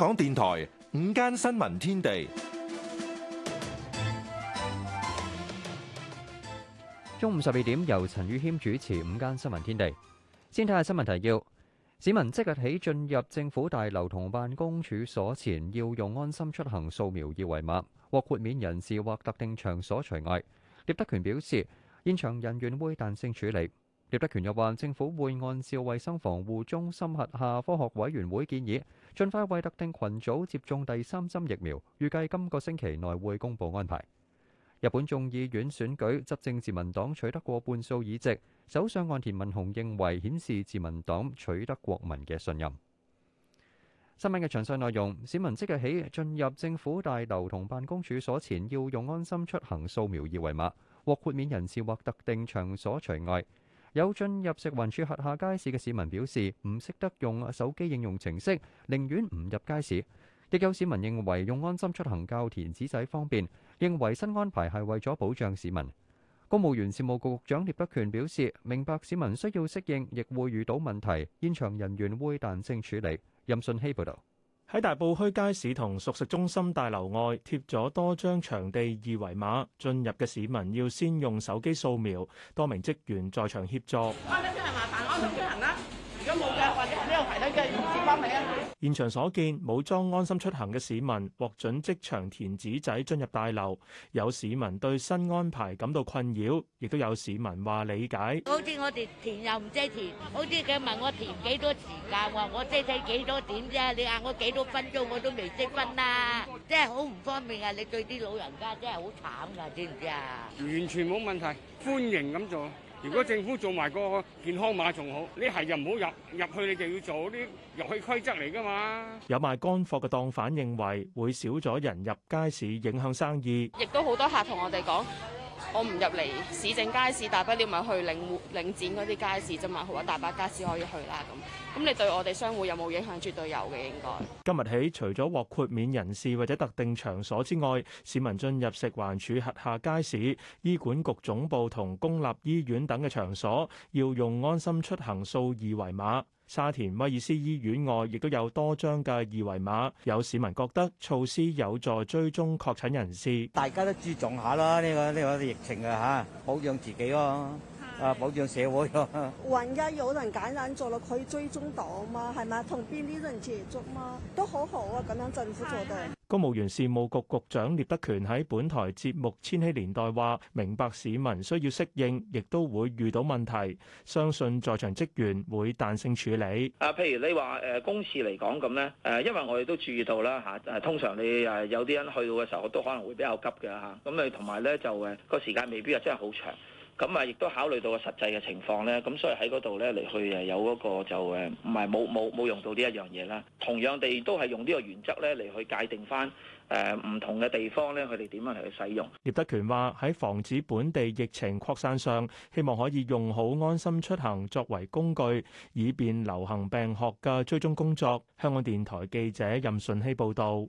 香港電台午間新聞天地，中午十二點，由陳宇謙主持。午間新聞天地，先睇下新聞提要。市民即日起進入政府大樓同辦公處所前，要用安心出行掃描二維碼，獲豁免人士或特定場所除外。聶德權表示，現場人員會彈性處理。聶德權又話，政府會按照衛生防護中心轄下科學委員會建議，盡快為特定群組接種第三針疫苗。預計今個星期內會公布安排。日本眾議院選舉，執政自民黨取得過半數議席，首相岸田文雄認為顯示自民黨取得國民嘅信任。新聞嘅詳細內容，市民即日起進入政府大樓同辦公處所前，要用安心出行掃描二維碼，獲豁免人士或特定場所除外。有進入食環署轄下街市嘅市民表示，唔識得用手機應用程式，寧願唔入街市。亦有市民認為用安心出行較填紙仔方便，認為新安排係為咗保障市民。公務員事務局局長聶德權表示，明白市民需要適應，亦會遇到問題，現場人員會彈性處理。任信希報導。喺大埔墟街市同熟食中心大樓外貼咗多張場地二維碼，進入嘅市民要先用手機掃描，多名職員在場協助，啊現場所見，冇裝安心出行嘅市民獲准即場填紙仔進入大樓，有市民對新安排感到困擾，亦都有市民話理解。好似我哋填又唔識填，好似佢問我填幾多時間，我我即睇幾多點啫，你嗌我幾多分鐘我都未識分啦，真係好唔方便啊！你對啲老人家真係好慘噶，知唔知啊？完全冇問題，歡迎咁做。如果政府做埋個健康碼仲好，你係又唔好入入去，你就要做啲遊戲規則嚟㗎嘛。有賣乾貨嘅檔販認為會少咗人入街市，影響生意。亦都好多客同我哋講。我唔入嚟市政街市，大不了咪去領領展嗰啲街市啫嘛，好啊，大把街市可以去啦咁。咁你對我哋商戶有冇影響？絕對有嘅，應該。今日起，除咗獲豁免人士或者特定場所之外，市民進入食環署轄下街市、醫管局總部同公立醫院等嘅場所，要用安心出行掃二維碼。沙田威爾斯醫院外亦都有多張嘅二維碼，有市民覺得措施有助追蹤確診人士。大家都注重下啦，呢個呢個疫情啊吓，保障自己咯，啊保障社會咯。 萬一有人感染咗啦，可以追蹤到嘛，係咪？同邊啲人接觸嘛，都好好啊，咁樣政府做得。公務員事務局局長聶德權喺本台節目《千禧年代》話：明白市民需要適應，亦都會遇到問題，相信在場職員會彈性處理。啊，譬如你話誒公事嚟講咁咧，誒，因為我哋都注意到啦吓，誒，通常你誒有啲人去到嘅時候都可能會比較急嘅吓，咁你同埋咧就誒個時間未必又真係好長。咁啊，亦都考慮到個實際嘅情況咧，咁所以喺嗰度咧嚟去誒有嗰個就誒唔係冇冇冇用到呢一樣嘢啦。同樣地都係用呢個原則咧嚟去界定翻誒唔同嘅地方咧，佢哋點樣嚟去使用？葉德權話，喺防止本地疫情擴散上，希望可以用好安心出行作為工具，以便流行病學嘅追蹤工作。香港電台記者任順希報道。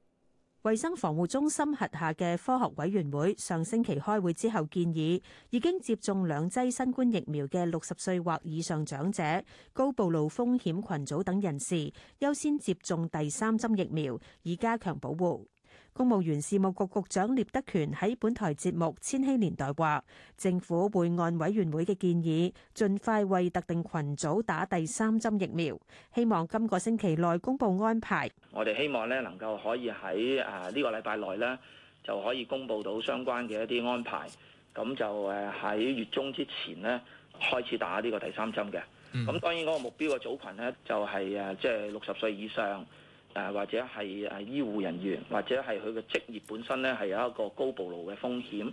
衛生防護中心轄下嘅科學委員會上星期開會之後建議，已經接種兩劑新冠疫苗嘅六十歲或以上長者、高暴露風險群組等人士，優先接種第三針疫苗，以加強保護。公務員事務局局長聶德權喺本台節目《千禧年代》話，政府會按委員會嘅建議，盡快為特定群組打第三針疫苗，希望今個星期內公布安排。我哋希望咧，能夠可以喺誒呢個禮拜內咧，就可以公布到相關嘅一啲安排，咁就誒喺月中之前咧開始打呢個第三針嘅。咁當然嗰個目標嘅組群咧，就是，就係誒即係六十歲以上，誒或者係誒醫護人員，或者係佢嘅職業本身咧，係有一個高暴露嘅風險，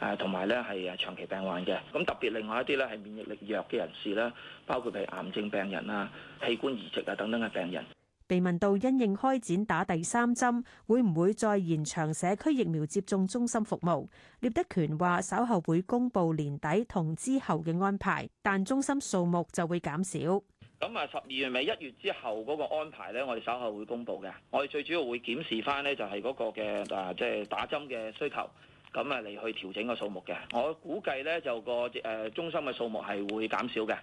誒同埋咧係誒長期病患嘅。咁特別另外一啲咧係免疫力弱嘅人士啦，包括係癌症病人啊、器官移植啊等等嘅病人。被問到因應開展打第三針，會唔會再延長社區疫苗接種中心服務？聶德權話：稍後會公布年底同之後嘅安排，但中心數目就會減少。咁啊，十二月尾一月之後嗰個安排咧，我哋稍後會公布嘅。我哋最主要會檢視翻咧，就係嗰個嘅啊，即係打針嘅需求，咁啊嚟去調整個數目嘅。我估計咧就個誒中心嘅數目係會減少嘅，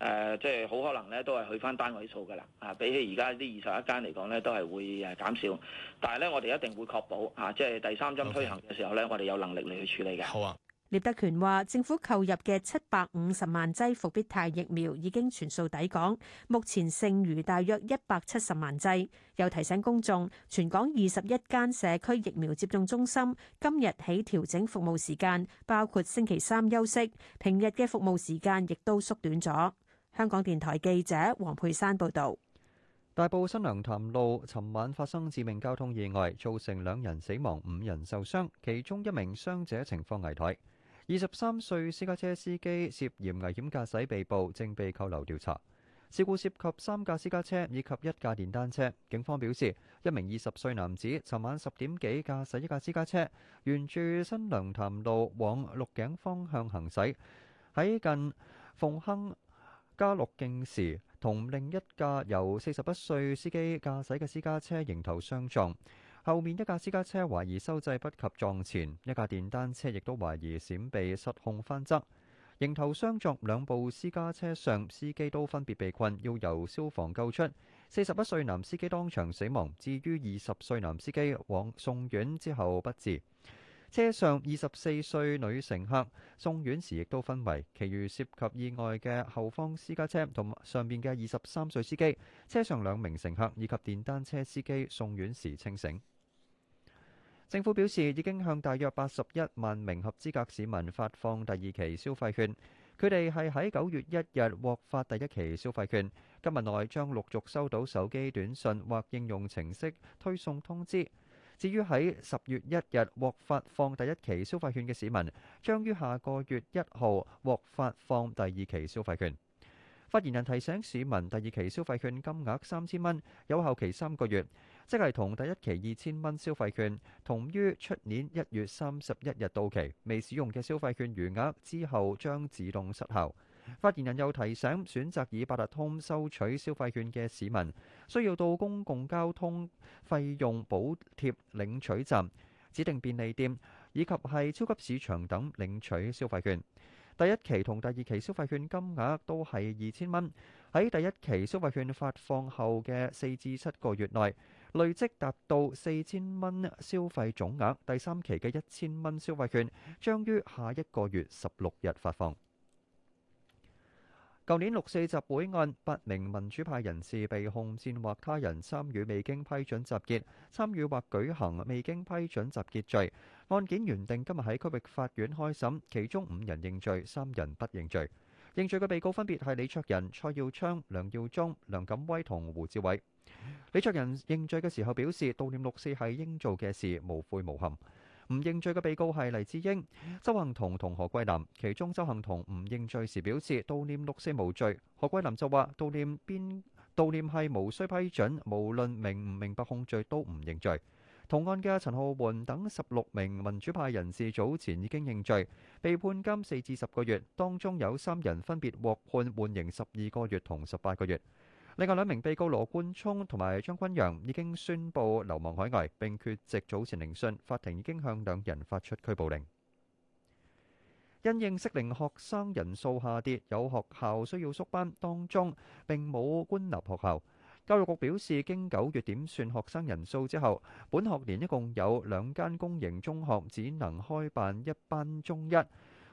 誒即係好可能咧都係去翻單位數噶啦。啊，比起而家呢二十一間嚟講咧，都係會誒減少。但係咧，我哋一定會確保啊，即係第三針推行嘅時候咧，我哋有能力嚟去處理嘅，Okay. 好啊。聶德權話，政府購入嘅七百五十萬劑伏必泰疫苗已經全數抵港，目前剩餘大約一百七十萬劑。又提醒公眾，全港二十一間社區疫苗接種中心今日起調整服務時間，包括星期三休息，平日嘅服務時間亦都縮短咗。香港電台記者黃佩珊報道。大埔新娘潭路，尋晚發生致命交通意外，造成兩人死亡，五人受傷，其中一名傷者情況危殆。二十三歲私家車司機涉嫌危險駕駛被捕，正被扣留調查。事故涉及三架私家車以及一架電單車。警方表示，一名二十歲男子尋晚十點幾駕駛一架私家車，沿住新娘潭路往鹿頸方向行駛，喺近鳳坑家樂徑時，同另一架由四十一歲司機駕駛嘅私家車迎頭相撞。後面一架私家車懷疑收掣不及撞前一架電單車，亦都懷疑閃避失控翻側，迎頭相撞。兩部私家車上司機都分別被困，要由消防救出。四十一歲男司機當場死亡，至於二十歲男司機往送院之後不治。車上二十四歲女乘客送院時亦都昏迷，其餘涉及意外嘅後方私家車同上面嘅二十三歲司機，車上兩名乘客以及電單車司機送院時清醒。政府表示，已經向大約八十一萬名合資格市民發放第二期消費券。佢哋係喺九月一日獲發第一期消費券，今日內將陸續收到手機短信或應用程式推送通知。至於喺十月一日獲發放第一期消費券嘅市民，將於下個月一號獲發放第二期消費券。發言人提醒市民，第二期消費券金額三千蚊，有效期三個月。即係同第一期二千蚊消費券同於出年一月三十一日到期，未使用嘅消費券餘額之後將自動失效。發言人又提醒，選擇以八達通收取消費券嘅市民，需要到公共交通費用補貼領取站、指定便利店以及係超級市場等領取消費券。第一期同第二期消費券金額都係二千蚊。喺第一期消費券發放後嘅四至七個月內，累積達到四千蚊消費總額，第三期嘅一千蚊消費券將於下一個月十六日發放。舊年六四集會案，八名民主派人士被控煽惑他人參與未經批准集結、參與或舉行未經批准集結罪。案件原定今日喺區域法院開審，其中五人認罪，三人不認罪。認罪嘅被告分別係李卓人、蔡耀昌、梁耀忠、梁錦威同胡志偉。李卓人認罪嘅時候表示，悼念六四係應做嘅事，無悔無憾。唔認罪嘅被告係黎智英、鄒幸彤同何桂藍，其中鄒幸彤唔認罪時表示悼念六四無罪，何桂藍就話悼念邊悼念係無需批准，無論明唔明白控罪都唔認罪。同案嘅陳皓桓等十六名民主派人士早前已經認罪，被判監四至十個月，當中有三人分別獲判緩刑十二個月同十八個月。另外兩名被告羅冠聰同埋張崑陽已經宣布流亡海外，並缺席早前聆訊，法庭已經向兩人發出拘捕令。因應適齡學生人數下跌，有學校需要縮班，當中並冇官立學校。教育局表示，經九月點算學生人數之後，本學年一共有兩間公營中學只能開辦一班中一。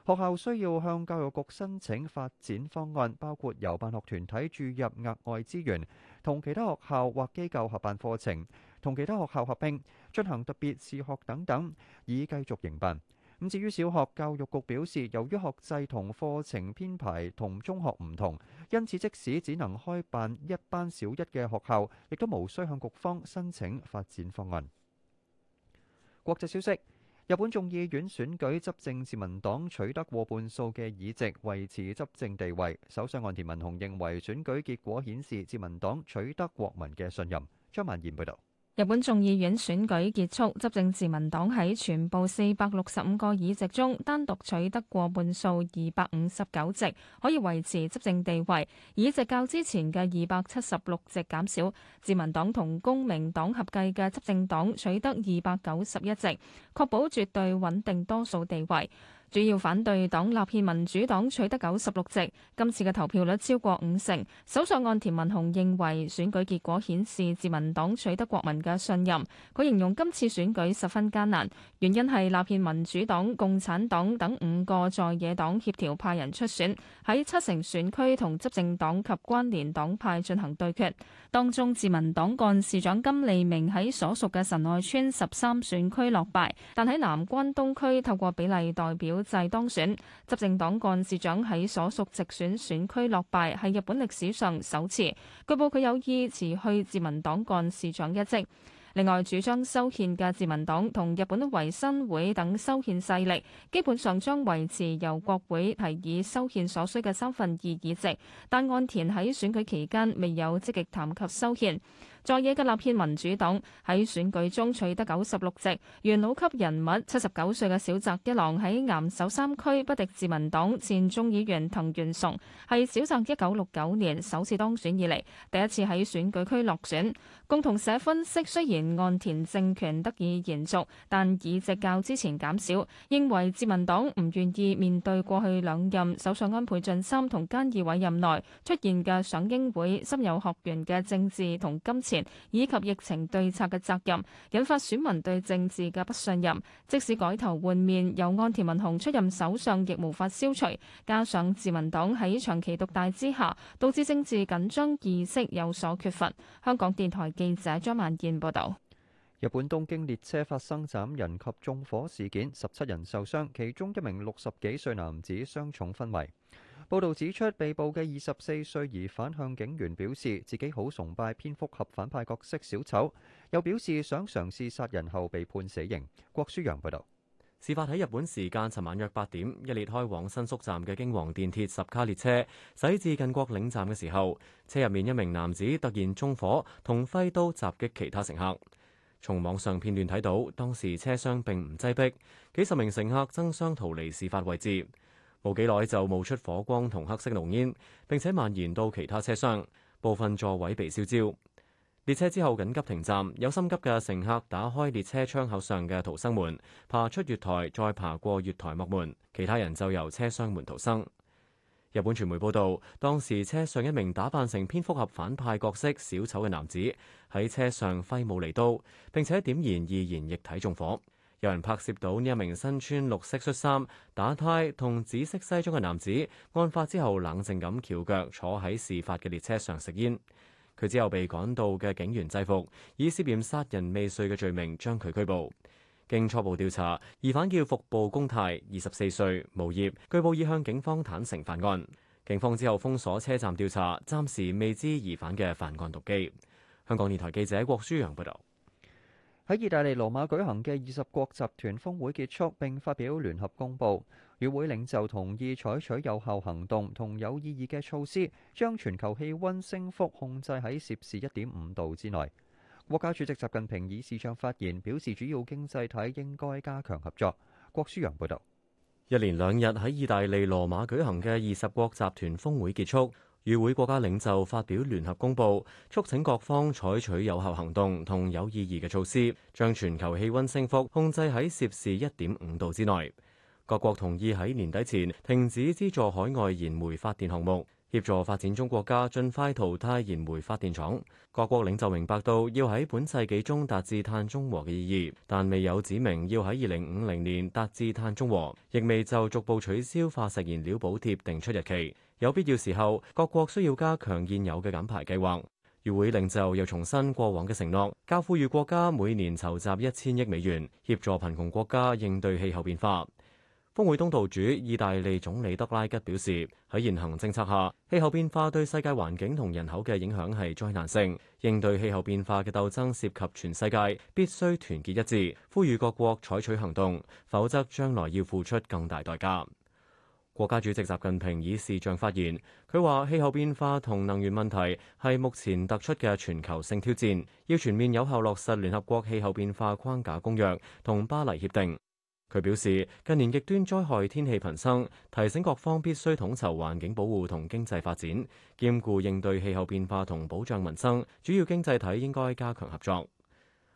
學校需要向教育局申請發展方案，包括由辦學團體注入額外資源，同其他學校或機構合辦課程，同其他學校合併，進行特別試學等等，以繼續營辦。咁至於小學，教育局表示，由於學制同課程編排同中學唔同，因此即使只能開辦一班小一嘅學校，亦都無需向局方申請發展方案。國際消息。日本眾議院選舉，執政自民黨取得過半數嘅議席，維持執政地位。首相岸田文雄認為選舉結果顯示自民黨取得國民嘅信任。張曼燕報導。日本眾議院選舉結束，執政自民黨喺全部四百六十五個議席中，單獨取得過半數二百五十九席，可以維持執政地位。議席較之前嘅二百七十六席減少，自民黨同公明黨合計嘅執政黨取得二百九十一席，確保絕對穩定多數地位。主要反對黨立憲民主黨取得九十六席，今次嘅投票率超過五成。首相岸田文雄認為選舉結果顯示自民黨取得國民嘅信任，佢形容今次選舉十分艱難，原因係立憲民主黨、共產黨等五個在野黨協調派人出選，喺七成選區同執政黨及關聯黨派進行對決。當中自民黨幹事長金利明喺所屬嘅神奈川十三選區落敗，但喺南關東區透過比例代表。制當選，執政黨幹事長喺所屬直選選區落敗，係日本歷史上首次。據報佢有意辭去自民黨幹事長一職。另外，主張修憲嘅自民黨同日本維新會等修憲勢力，基本上將維持由國會提議修憲所需嘅三分二議席，但岸田喺選舉期間未有積極談及修憲。在野嘅立憲民主黨喺選舉中取得九十六席，元老級人物七十九歲嘅小澤一郎喺岩手三區不敵自民黨前眾議員藤原崇，係小澤一九六九年首次當選以嚟第一次喺選舉區落選。共同社分析，雖然岸田政權得以延續，但議席較之前減少，認為自民黨唔願意面對過去兩任首相安倍晉三同菅義偉任內出現嘅賞櫻會深有學員嘅政治同金錢，以及疫情對策嘅責任，引發選民對政治嘅不信任。即使改頭換面，由岸田文雄出任首相，亦無法消除。加上自民黨喺長期獨大之下，導致政治緊張意識有所缺乏。香港電台記者張曼燕報道，日本東京列車發生斬人及縱火事件，十七人受傷，其中一名六十幾歲男子傷重昏迷。報道指出，被捕嘅二十四歲疑犯向警員表示，自己好崇拜蝙蝠俠反派角色小丑，又表示想嘗試殺人後被判死刑。郭舒揚報導，事發喺日本時間尋晚約八點，一列開往新宿站嘅京王電鐵十卡列車駛至近國領站嘅時候，車入面一名男子突然縱火，同揮刀襲擊其他乘客。從網上片段睇到，當時車廂並唔擠逼，幾十名乘客爭相逃離事發位置。冇幾耐就冒出火光同黑色濃煙，並且蔓延到其他車廂，部分座位被燒焦。列車之後緊急停站，有心急嘅乘客打開列車窗口上嘅逃生門，爬出月台，再爬過月台幕門。其他人就由車廂門逃生。日本傳媒報道，當時車上一名打扮成蝙蝠俠反派角色小丑嘅男子喺車上揮舞利刀，並且點燃易燃液體縱火。有人拍攝到呢一名身穿綠色恤衫、打呔同紫色西裝嘅男子，案發之後冷靜咁翹腳坐喺事發嘅列車上食煙。佢之後被趕到嘅警員制服，以涉嫌殺人未遂嘅罪名將佢拘捕。經初步調查，疑犯叫服部公泰，二十四歲，無業，據報已向警方坦承犯案。警方之後封鎖車站調查，暫時未知疑犯嘅犯案動機。香港電台記者郭舒揚報道。喺意大利羅馬舉行嘅二十國集團峰會結束，並發表聯合公報。與會領袖同意採取有效行動同有意義嘅措施，將全球氣溫升幅控制喺攝氏一點五度之內。國家主席習近平以視像發言，表示主要經濟體應該加強合作。郭舒陽報道。一連兩日喺意大利羅馬舉行嘅二十國集團峰會結束。與會國家領袖發表聯合公布，促請各方採取有效行動同有意義嘅措施，將全球氣溫升幅控制喺攝氏一點五度之內。各國同意喺年底前停止資助海外燃煤發電項目。協助發展中國家盡快淘汰燃煤發電廠。各國領袖明白到要喺本世紀中達至碳中和嘅意義，但未有指明要喺二零五零年達至碳中和，亦未就逐步取消化石燃料補貼定出日期。有必要時候，各國需要加強現有嘅減排計劃。與會領袖又重申過往嘅承諾，較富裕國家每年籌集一千億美元協助貧窮國家應對氣候變化。峰會東道主意大利總理德拉吉表示，喺現行政策下，氣候變化對世界環境同人口嘅影響係災難性。應對氣候變化嘅鬥爭涉及全世界，必須團結一致，呼籲各國採取行動，否則將來要付出更大代價。國家主席習近平以視像發言，佢話氣候變化同能源問題係目前突出嘅全球性挑戰，要全面有效落實聯合國氣候變化框架公約同巴黎協定。佢表示，近年極端災害天氣頻生，提醒各方必須統籌環境保護同經濟發展，兼顧應對氣候變化同保障民生。主要經濟體應該加強合作。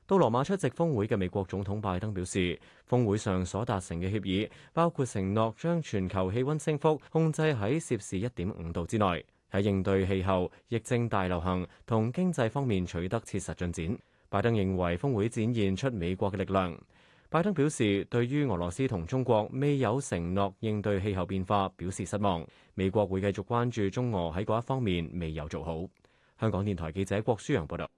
到羅馬出席峰會嘅美國總統拜登表示，峰會上所達成嘅協議，包括承諾將全球氣溫升幅控制喺攝氏一點五度之內，喺應對氣候疫症大流行同經濟方面取得切實進展。拜登認為峰會展現出美國嘅力量。拜登表示，對於俄羅斯同中國未有承諾應對氣候變化表示失望。美國會繼續關注中俄喺嗰一方面未有做好。香港電台記者郭舒揚報道，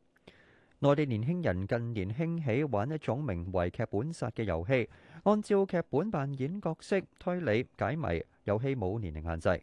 內地年輕人近年興起玩一種名為劇本殺嘅遊戲，按照劇本扮演角色、推理解謎。遊戲冇年齡限制。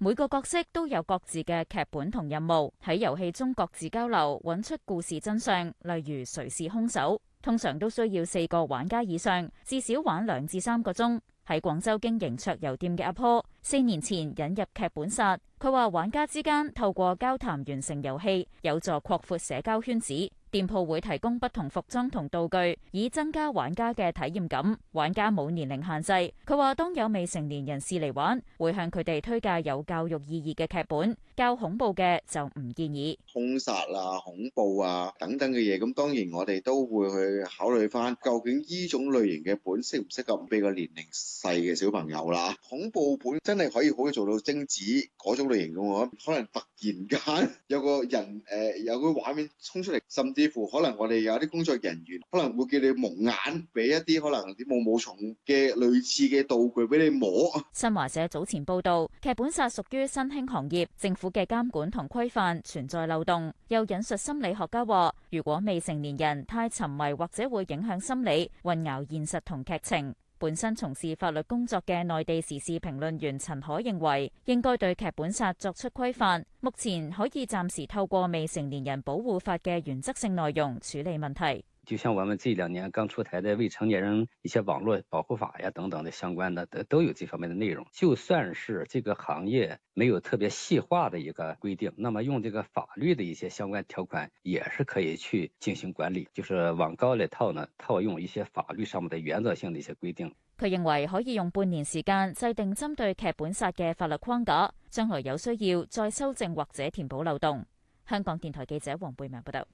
每個角色都有各自嘅劇本同任務，喺遊戲中各自交流，搵出故事真相，例如誰是兇手。通常都需要四個玩家以上，至少玩兩至三個鐘。喺廣州經營桌遊店嘅阿婆，四年前引入劇本殺，佢話玩家之間透過交談完成遊戲，有助擴闊社交圈子。店鋪會提供不同服裝同道具，以增加玩家嘅體驗感。玩家冇年齡限制。佢話：當有未成年人士嚟玩，會向佢哋推介有教育意義嘅劇本，較恐怖嘅就唔建議。兇殺啊、恐怖啊等等嘅嘢，咁當然我哋都會去考慮翻，究竟呢種類型嘅本適唔適合俾個年齡細嘅小朋友啦。恐怖本真係可以好做到精緻嗰種類型嘅話，可能突然間有個人誒、呃、有個畫面衝出嚟，甚至似乎可能我哋有啲工作人員可能會叫你蒙眼，俾一啲可能啲毛毛蟲嘅類似嘅道具俾你摸。新華社早前報導，劇本殺屬於新興行業，政府嘅監管同規範存在漏洞。又引述心理學家話，如果未成年人太沉迷，或者會影響心理，混淆現實同劇情。本身從事法律工作嘅內地時事評論員陳可認為，應該對劇本殺作出規範，目前可以暫時透過未成年人保護法嘅原則性內容處理問題。就像我們這兩年剛出台的未成年人一些網絡保護法呀，等等的相關的都都有這方面的內容。就算是這個行業沒有特別細化的一個規定，那麼用這個法律的一些相關條款也是可以去進行管理。就是往高裏套呢，套用一些法律上面的原則性的一些規定。佢認為可以用半年時間制定針對劇本殺嘅法律框架，將來有需要再修正或者填補漏洞。香港電台記者黃貝明報道。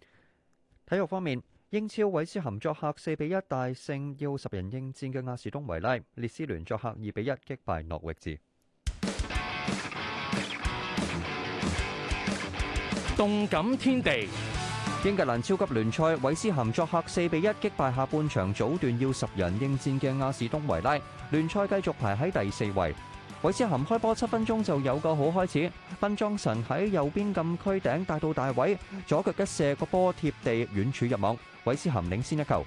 體育方面。英超韋斯咸作客四比一大勝要十人應戰嘅阿士東維拉，列斯聯作客二比一擊敗諾域治。動感天地，英格蘭超級聯賽韋斯咸作客四比一擊敗下半場早段要十人應戰嘅阿士東維拉，聯賽繼續排喺第四位。韋斯咸開波七分鐘就有個好開始，芬莊臣喺右邊禁區頂帶到大位，左腳一射個波貼地遠柱入網，韋斯咸領先一球。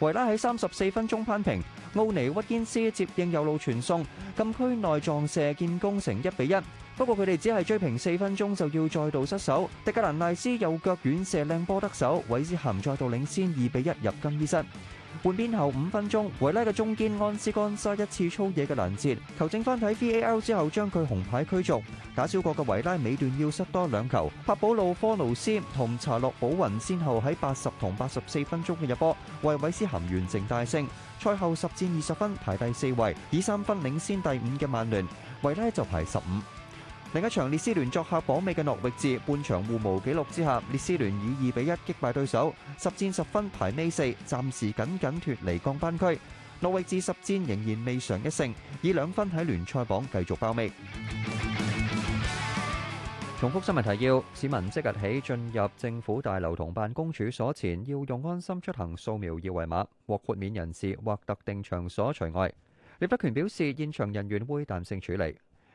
維拉喺三十四分鐘扳平，奧尼屈堅斯接應右路傳送禁區內撞射建功，見攻成一比一。不過佢哋只係追平四分鐘就要再度失守。迪格蘭賴斯右腳遠射靚波得手，韋斯咸再度領先二比一入更衣室。換邊後五分鐘，維拉嘅中堅安斯干沙一次粗野嘅攔截，球證翻睇 VAL 之後將佢紅牌驅逐。打少個嘅維拉尾段要塞多兩球，帕保路科魯斯同查洛保雲先後喺八十同八十四分鐘嘅入波，為韋斯咸完成大勝。賽後十戰二十分，排第四位，以三分領先第五嘅曼聯，維拉就排十五。另一場列斯聯作客榜尾嘅諾域治，半場互無紀錄之下，列斯聯以二比一擊敗對手，十戰十分排尾四，暫時僅僅脱離降班區。諾域治十戰仍然未嘗一勝，以兩分喺聯賽榜繼續包尾。重複新聞提要：市民即日起進入政府大樓同辦公處所前，要用安心出行掃描二維碼，獲豁免人士或特定場所除外。聶德權表示，現場人員會彈性處理。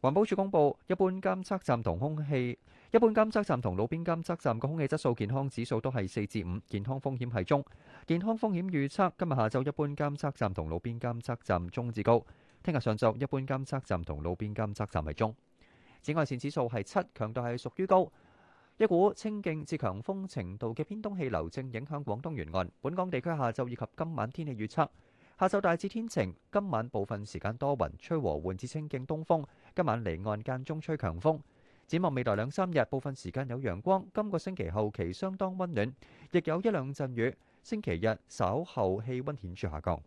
環保署公佈，一般監測站同空氣一般監測站同路邊監測站個空氣質素健康指數都係四至五，健康風險係中。健康風險預測今日下晝一般監測站同路邊監測站中至高，聽日上晝一般監測站同路邊監測站係中。紫外線指數係七，強度係屬於高。一股清勁至強風程度嘅偏東氣流正影響廣東沿岸，本港地區下晝以及今晚天氣預測：下晝大致天晴，今晚部分時間多雲，吹和緩至清勁東風。今晚離岸間中吹強風，展望未來兩三日部分時間有陽光。今個星期後期相當溫暖，亦有一兩陣雨。星期日稍後氣溫顯著下降。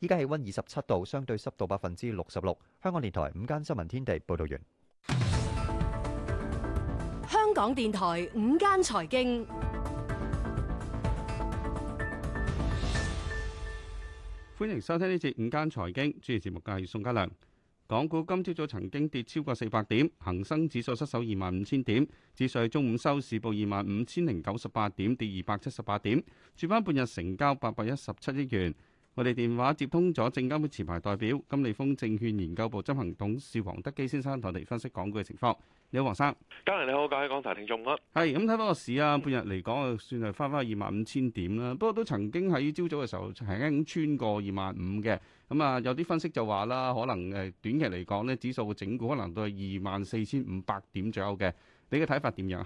依家氣溫二十七度，相對濕度百分之六十六。香港電台午間新聞天地報道完。香港電台午間財經，歡迎收聽呢節午間財經，主持節目嘅係宋家良。港股今朝早曾經跌超過四百點，恒生指數失守二萬五千點，指數喺中午收市報二萬五千零九十八點，跌二百七十八點，主板半日成交八百一十七億元。我哋電話接通咗證監會前排代表金利豐證券研究部執行董事黃德基先生，同我哋分析港股嘅情況。你好，黃生，家人你好，各位港台聽眾，我係。咁睇翻個市啊，半日嚟講啊，算係翻翻二萬五千點啦。不過都曾經喺朝早嘅時候曾經咁穿過二萬五嘅。咁啊，有啲分析就話啦，可能誒、呃、短期嚟講呢指數嘅整固可能都係二萬四千五百點左右嘅。你嘅睇法點樣？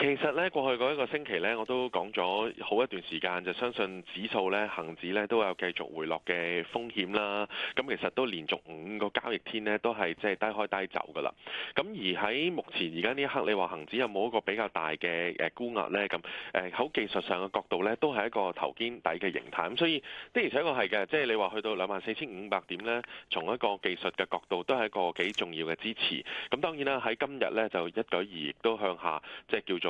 其實呢，過去嗰一個星期呢，我都講咗好一段時間，就相信指數呢，恒指呢都有繼續回落嘅風險啦。咁其實都連續五個交易天呢，都係即係低開低走噶啦。咁而喺目前而家呢一刻，你話恒指有冇一個比較大嘅誒沽壓呢？咁誒，喺技術上嘅角度呢，都係一個頭肩底嘅形態。咁所以的而且確係嘅，即係你話去到兩萬四千五百點呢，從一個技術嘅角度都係一個幾重要嘅支持。咁當然啦，喺今日呢，就一舉亦都向下，即係叫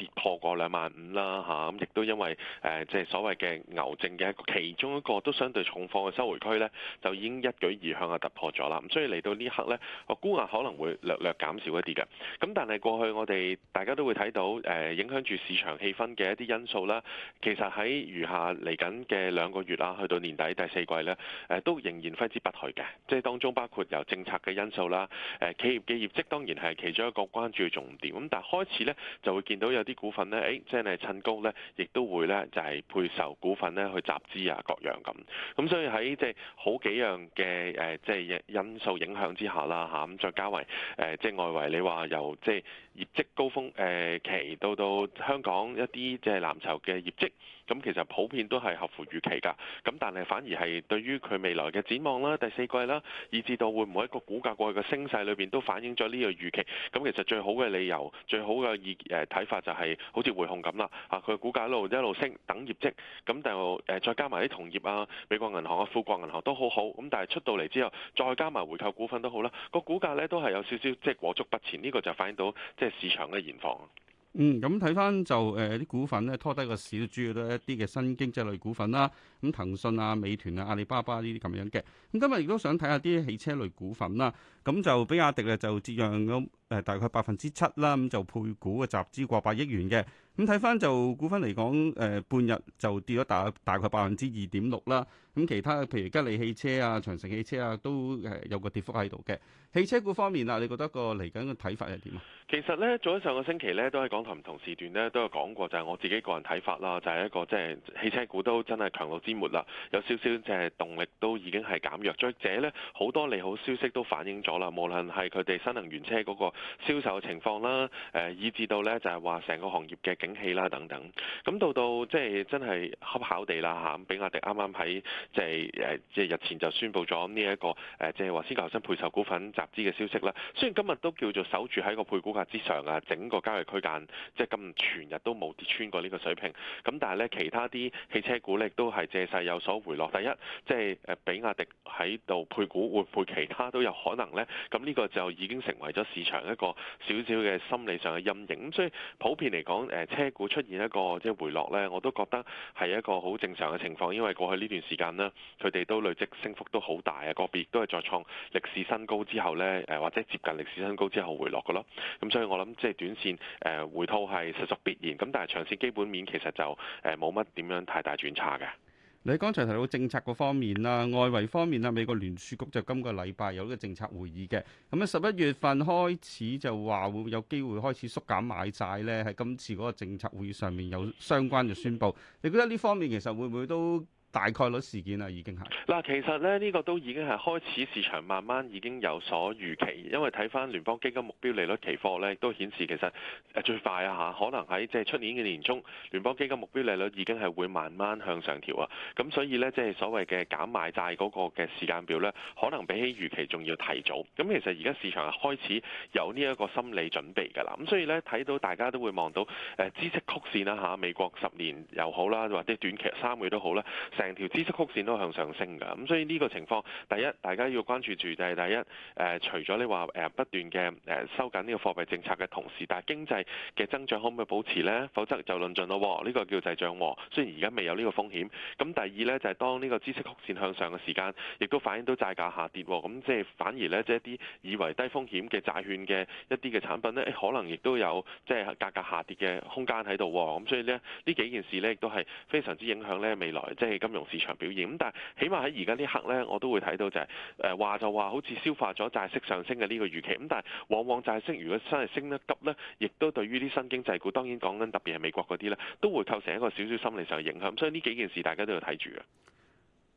跌破過兩萬五啦嚇，亦都因為誒即係所謂嘅牛證嘅其中一個都相對重貨嘅收回區呢，就已經一舉而向啊突破咗啦。咁所以嚟到呢刻呢，個沽壓可能會略略減少一啲嘅。咁但係過去我哋大家都會睇到誒影響住市場氣氛嘅一啲因素啦，其實喺餘下嚟緊嘅兩個月啦，去到年底第四季呢，誒都仍然揮之不去嘅。即係當中包括由政策嘅因素啦，企業嘅業績當然係其中一個關注重點。咁但係開始呢，就會見到有啲股份咧，誒，即係趁高咧，亦都會咧，就係配售股份咧，去集資啊，各樣咁。咁所以喺即係好幾樣嘅誒，即係因素影響之下啦，吓，咁再加為，誒，即係外圍，你話又即係。業績高峰誒期到到香港一啲即係藍籌嘅業績，咁其實普遍都係合乎預期㗎。咁但係反而係對於佢未來嘅展望啦、第四季啦，以至到會唔會一個股價過去嘅升勢裏邊都反映咗呢個預期。咁其實最好嘅理由、最好嘅誒睇法就係、是、好似匯控咁啦，啊佢嘅股價一路一路升，等業績。咁就誒再加埋啲同業啊，美國銀行啊、富國銀行都好好。咁但係出到嚟之後，再加埋回購股份都好啦，個股價咧都係有少少即係裹足不前。呢、呢個就反映到即係。市場嘅現況嗯，咁睇返就誒、啲、呃、股份咧拖低個市，主要都係一啲嘅新經濟類股份啦，咁騰訊啊、美團啊、阿里巴巴呢啲咁樣嘅，咁、嗯、今日亦都想睇下啲汽車類股份啦，咁、嗯、就比亞迪咧就折讓咗誒、呃，大概百分之七啦，咁、嗯、就配股嘅集資過百億元嘅。咁睇翻就股份嚟講，誒、呃、半日就跌咗大大概百分之二點六啦。咁其他譬如吉利汽車啊、長城汽車啊，都係有個跌幅喺度嘅。汽車股方面啊，你覺得個嚟緊嘅睇法係點啊？其實咧，早喺上個星期咧，都喺港台唔同時段咧都有講過，就係我自己個人睇法啦，就係、是、一個即、就、係、是、汽車股都真係強弩之末啦，有少少即係動力都已經係減弱咗。再者咧，好多利好消息都反映咗啦，無論係佢哋新能源車嗰個銷售情況啦，誒、呃、以至到咧就係話成個行業嘅景氣啦等等，咁到到即係真係恰巧地啦，吓，比亞迪啱啱喺即係誒，即、呃、係日前就宣布咗呢一個誒，即係話先求新配售股份集資嘅消息啦。雖然今日都叫做守住喺個配股價之上啊，整個交易區間即係今全日都冇跌穿過呢個水平。咁但係咧，其他啲汽車股咧都係借勢有所回落。第一，即係誒，比亞迪喺度配股，會唔會其他都有可能咧？咁呢個就已經成為咗市場一個少少嘅心理上嘅陰影。咁所以普遍嚟講。誒、呃。車股出現一個即係、就是、回落呢，我都覺得係一個好正常嘅情況，因為過去呢段時間呢，佢哋都累積升幅都好大啊，個別都係再創歷史新高之後呢，誒或者接近歷史新高之後回落嘅咯。咁所以我諗即係短線誒回吐係實屬必然，咁但係長線基本面其實就誒冇乜點樣太大轉差嘅。你剛才提到政策嗰方面啦、外圍方面啦，美國聯儲局就今個禮拜有呢個政策會議嘅，咁咧十一月份開始就話會有機會開始縮減買債咧，喺今次嗰個政策會議上面有相關嘅宣佈。你覺得呢方面其實會唔會都？大概率事件啦，已經係嗱，其實咧呢個都已經係開始市場慢慢已經有所預期，因為睇翻聯邦基金目標利率期貨咧，都顯示其實誒最快啊嚇，可能喺即係出年嘅年中，聯邦基金目標利率已經係會慢慢向上調啊。咁所以呢，即係所謂嘅減買債嗰個嘅時間表呢，可能比起預期仲要提早。咁其實而家市場係開始有呢一個心理準備㗎啦。咁所以呢，睇到大家都會望到誒知識曲線啦嚇，美國十年又好啦，或者短期三個月都好啦。成條孳息曲線都向上升㗎，咁所以呢個情況，第一大家要關注住就係第一，誒除咗你話誒不斷嘅誒收緊呢個貨幣政策嘅同時，但係經濟嘅增長可唔可以保持呢？否則就論盡咯，呢、這個叫滯脹。雖然而家未有呢個風險，咁第二呢，就係、是、當呢個孳息曲線向上嘅時間，亦都反映到債價下跌，咁即係反而呢，即係啲以為低風險嘅債券嘅一啲嘅產品呢，可能亦都有即係價格下跌嘅空間喺度。咁所以呢，呢幾件事呢，亦都係非常之影響呢未來，即、就、係、是金融市場表現咁，但係起碼喺而家呢刻呢，我都會睇到就係、是、誒、呃、話就話好似消化咗債息上升嘅呢個預期咁。但係往往債息如果真係升得急呢，亦都對於啲新經濟股，當然講緊特別係美國嗰啲呢，都會構成一個少少心理上嘅影響。所以呢幾件事，大家都要睇住啊。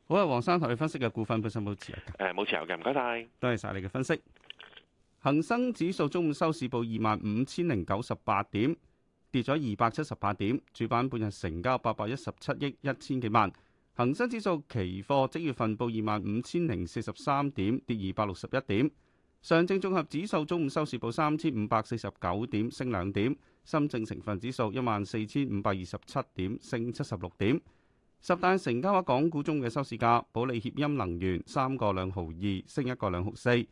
好啊，黃生同你分析嘅股份本身冇持有誒冇、呃、持有嘅，唔該晒，多謝晒你嘅分析。恒生指數中午收市報二萬五千零九十八點，跌咗二百七十八點，主板半日成交八百一十七億一千幾萬。恒生指數期貨即月份報二萬五千零四十三點，跌二百六十一點。上證綜合指數中午收市報三千五百四十九點，升兩點。深證成分指數一萬四千五百二十七點，升七十六點。十大成交額港股中嘅收市價，保利協鑫能源三個兩毫二，升一個兩毫四。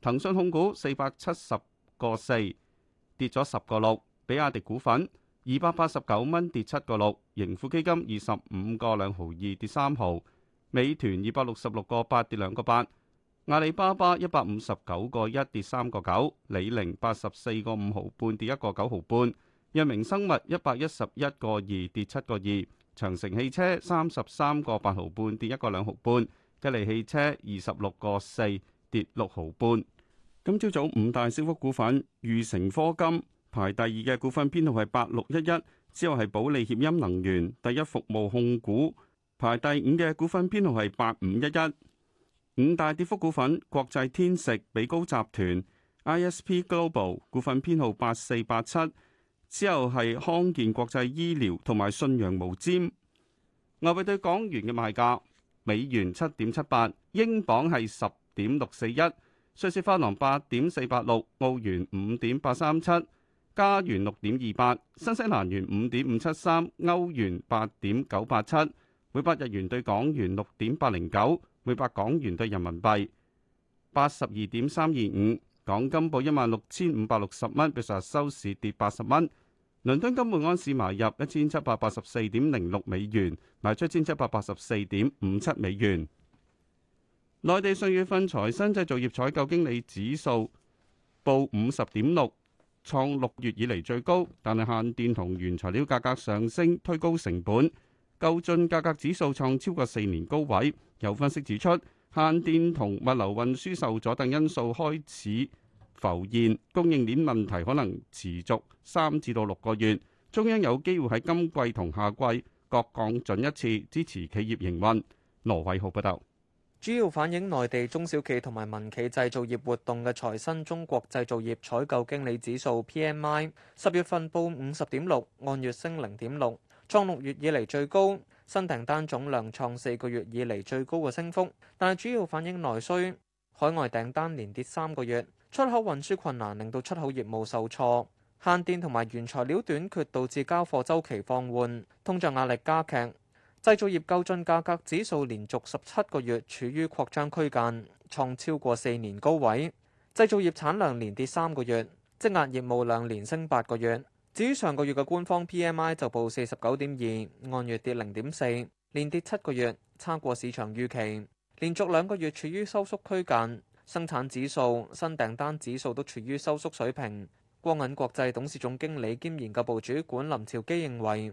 騰訊控股四百七十個四，跌咗十個六。比亞迪股份二百八十九蚊跌七個六，盈富基金二十五個兩毫二跌三毫，美團二百六十六個八跌兩個八，阿里巴巴一百五十九個一跌三個九，李寧八十四個五毫半跌一個九毫半，藥明生物一百一十一個二跌七個二，長城汽車三十三個八毫半跌一個兩毫半，吉利汽車二十六個四跌六毫半。今朝早五大升幅股份：裕成科金。排第二嘅股份編號係八六一一，之後係保利協鑫能源。第一服務控股排第五嘅股份編號係八五一一。五大跌幅股份：國際天食、比高集團、I S P Global 股份編號八四八七，之後係康健國際醫療同埋信陽毛尖。外匯兌港元嘅賣價：美元七點七八，英鎊係十點六四一，瑞士法郎八點四八六，澳元五點八三七。加元六點二八，28，新西蘭元五點五七三，歐元八點九八七，每百日元對港元六點八零九，每百港元對人民幣八十二點三二五。25，港金報一萬六千五百六十蚊，比上日收市跌八十蚊。倫敦金每盎司買入一千七百八十四點零六美元，賣出一千七百八十四點五七美元。內地上月份財新製造業採購經理指數報五十點六。創六月以嚟最高，但係限電同原材料價格上升推高成本，購進價格指數創超過四年高位。有分析指出，限電同物流運輸受阻等因素開始浮現，供應鏈問題可能持續三至到六個月。中央有機會喺今季同下季各降準一次，支持企業營運。羅偉浩報道。主要反映內地中小企同埋民企製造業活動嘅財新中國製造業採購經理指數 PMI 十月份報五十點六，按月升零點六，創六月以嚟最高。新訂單總量創四個月以嚟最高嘅升幅，但係主要反映內需。海外訂單連跌三個月，出口運輸困難令到出口業務受挫，限電同埋原材料短缺導致交貨週期放緩，通脹壓力加劇。製造業購進價格指數連續十七個月處於擴張區間，創超過四年高位。製造業產量連跌三個月，積壓業務量連升八個月。至於上個月嘅官方 PMI 就報四十九點二，按月跌零點四，連跌七個月，差過市場預期，連續兩個月處於收縮區間。生產指數、新訂單指數都處於收縮水平。光銀國際董事總經理兼研究部主管林朝基認為，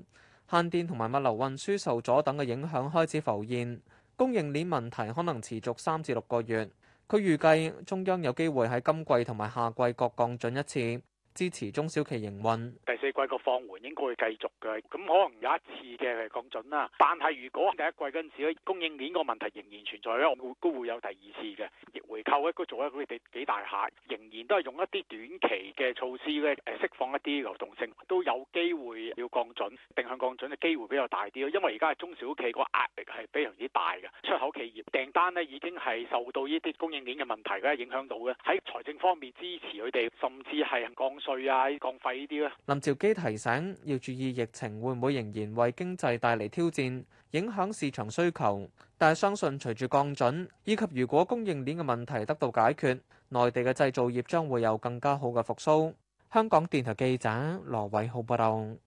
限電同埋物流運輸受阻等嘅影響開始浮現，供應鏈問題可能持續三至六個月。佢預計中央有機會喺今季同埋下季各降準一次。支持中小企營運，第四季個放緩應該會繼續嘅，咁可能有一次嘅降準啦。但係如果第一季嗰陣時咧，供應鏈個問題仍然存在咧，會都會有第二次嘅回購一都做一啲幾大下，仍然都係用一啲短期嘅措施咧，誒、啊、釋放一啲流動性，都有機會要降準，定向降準嘅機會比較大啲咯。因為而家係中小企個壓力係非常之大嘅，出口企業訂單咧已經係受到呢啲供應鏈嘅問題咧影響到嘅，喺財政方面支持佢哋，甚至係降。稅啊，降費呢啲啊，林兆基提醒要注意疫情會唔會仍然為經濟帶嚟挑戰，影響市場需求。但係相信隨住降準，以及如果供應鏈嘅問題得到解決，內地嘅製造業將會有更加好嘅復甦。香港電台記者羅偉浩報道。